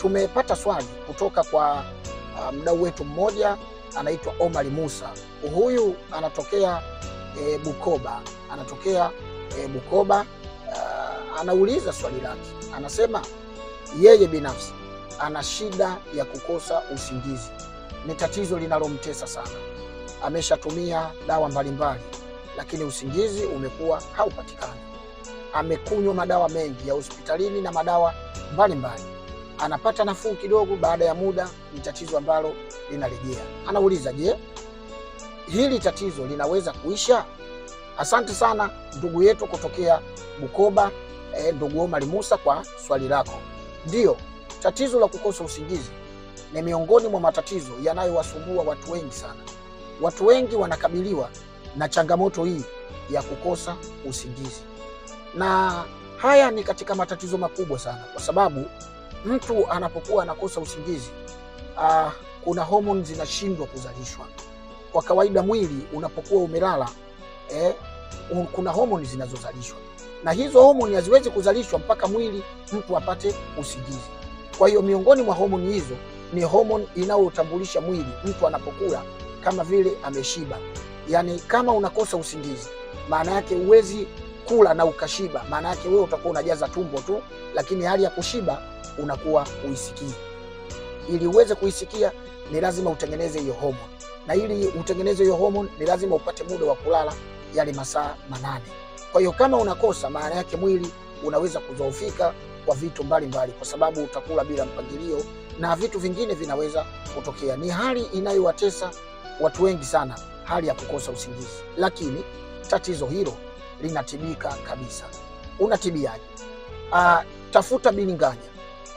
Tumepata swali kutoka kwa uh, mdau wetu mmoja anaitwa Omari Musa. Huyu anatokea e, Bukoba, anatokea e, Bukoba. Uh, anauliza swali lake, anasema yeye binafsi ana shida ya kukosa usingizi, ni tatizo linalomtesa sana. Ameshatumia dawa mbalimbali, lakini usingizi umekuwa haupatikani. Amekunywa madawa mengi ya hospitalini na madawa mbalimbali anapata nafuu kidogo, baada ya muda ni tatizo ambalo linarejea. Anauliza, je, hili tatizo linaweza kuisha? Asante sana ndugu yetu kutokea Bukoba, eh, ndugu Omari Musa kwa swali lako. Ndiyo, tatizo la kukosa usingizi ni miongoni mwa matatizo yanayowasumbua watu wengi sana. Watu wengi wanakabiliwa na changamoto hii ya kukosa usingizi, na haya ni katika matatizo makubwa sana, kwa sababu mtu anapokuwa anakosa usingizi uh, kuna homoni zinashindwa kuzalishwa kwa kawaida. Mwili unapokuwa umelala eh, un, kuna homoni zinazozalishwa na hizo homoni haziwezi kuzalishwa mpaka mwili mtu apate usingizi. Kwa hiyo miongoni mwa homoni hizo ni homoni inayotambulisha mwili mtu anapokula kama vile ameshiba. Yaani, kama unakosa usingizi, maana yake huwezi kula na ukashiba, maana yake wewe utakuwa unajaza tumbo tu, lakini hali ya kushiba unakuwa uisikii. Ili uweze kuisikia ni lazima utengeneze hiyo homoni, na ili utengeneze hiyo homoni ni lazima upate muda wa kulala yale masaa manane. Kwa hiyo kama unakosa, maana yake mwili unaweza kudhoofika kwa vitu mbalimbali, kwa sababu utakula bila mpangilio na vitu vingine vinaweza kutokea. Ni hali inayowatesa watu wengi sana, hali ya kukosa usingizi, lakini tatizo hilo linatibika kabisa. Unatibiaje? Ah, tafuta bilinganya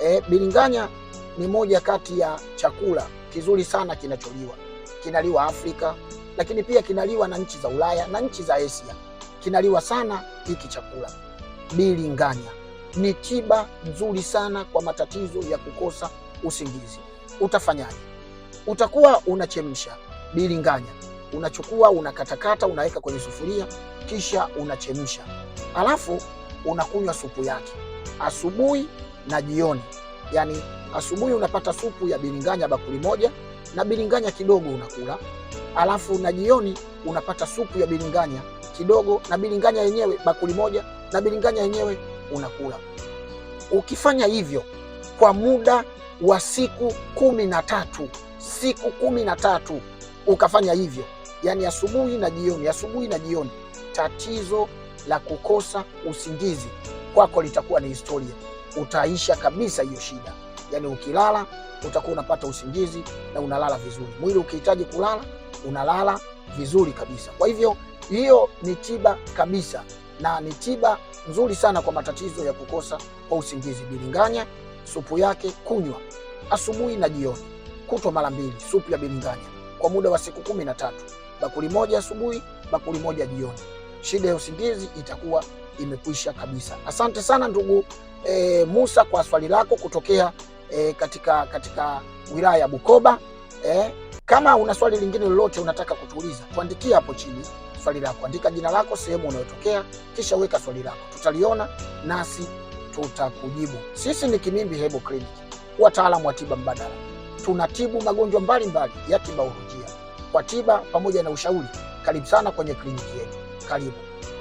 E, biringanya ni moja kati ya chakula kizuri sana kinacholiwa, kinaliwa Afrika, lakini pia kinaliwa na nchi za Ulaya na nchi za Asia, kinaliwa sana hiki chakula. Biringanya ni tiba nzuri sana kwa matatizo ya kukosa usingizi. Utafanyaje? Utakuwa unachemsha biringanya, unachukua unakatakata, unaweka kwenye sufuria, kisha unachemsha, alafu unakunywa supu yake asubuhi na jioni. Yaani asubuhi unapata supu ya biringanya bakuli moja na biringanya kidogo unakula, alafu na jioni unapata supu ya biringanya kidogo na biringanya yenyewe bakuli moja na biringanya yenyewe unakula. Ukifanya hivyo kwa muda wa siku kumi na tatu siku kumi na tatu ukafanya hivyo, yaani asubuhi na jioni, asubuhi na jioni, tatizo la kukosa usingizi kwako litakuwa ni historia utaisha kabisa hiyo shida. Yani ukilala utakuwa unapata usingizi na unalala vizuri. Mwili ukihitaji kulala unalala vizuri kabisa. Kwa hivyo hiyo ni tiba kabisa na ni tiba nzuri sana kwa matatizo ya kukosa kwa usingizi. Bilinganya supu yake kunywa asubuhi na jioni, kutwa mara mbili, supu ya bilinganya kwa muda wa siku kumi na tatu, bakuli moja asubuhi, bakuli moja jioni shida ya usingizi itakuwa imekwisha kabisa. Asante sana ndugu e, Musa kwa swali lako kutokea e, katika, katika wilaya ya Bukoba e, kama una swali lingine lolote unataka kutuuliza, tuandikie hapo chini swali lako. Andika jina lako, sehemu unayotokea, kisha weka swali lako, tutaliona nasi tutakujibu. Sisi ni Kimimbi Hebo Clinic, wataalamu wa tiba mbadala. Tunatibu magonjwa mbalimbali ya kibaolojia kwa tiba pamoja na ushauri. Karibu sana kwenye kliniki yetu. Calibre.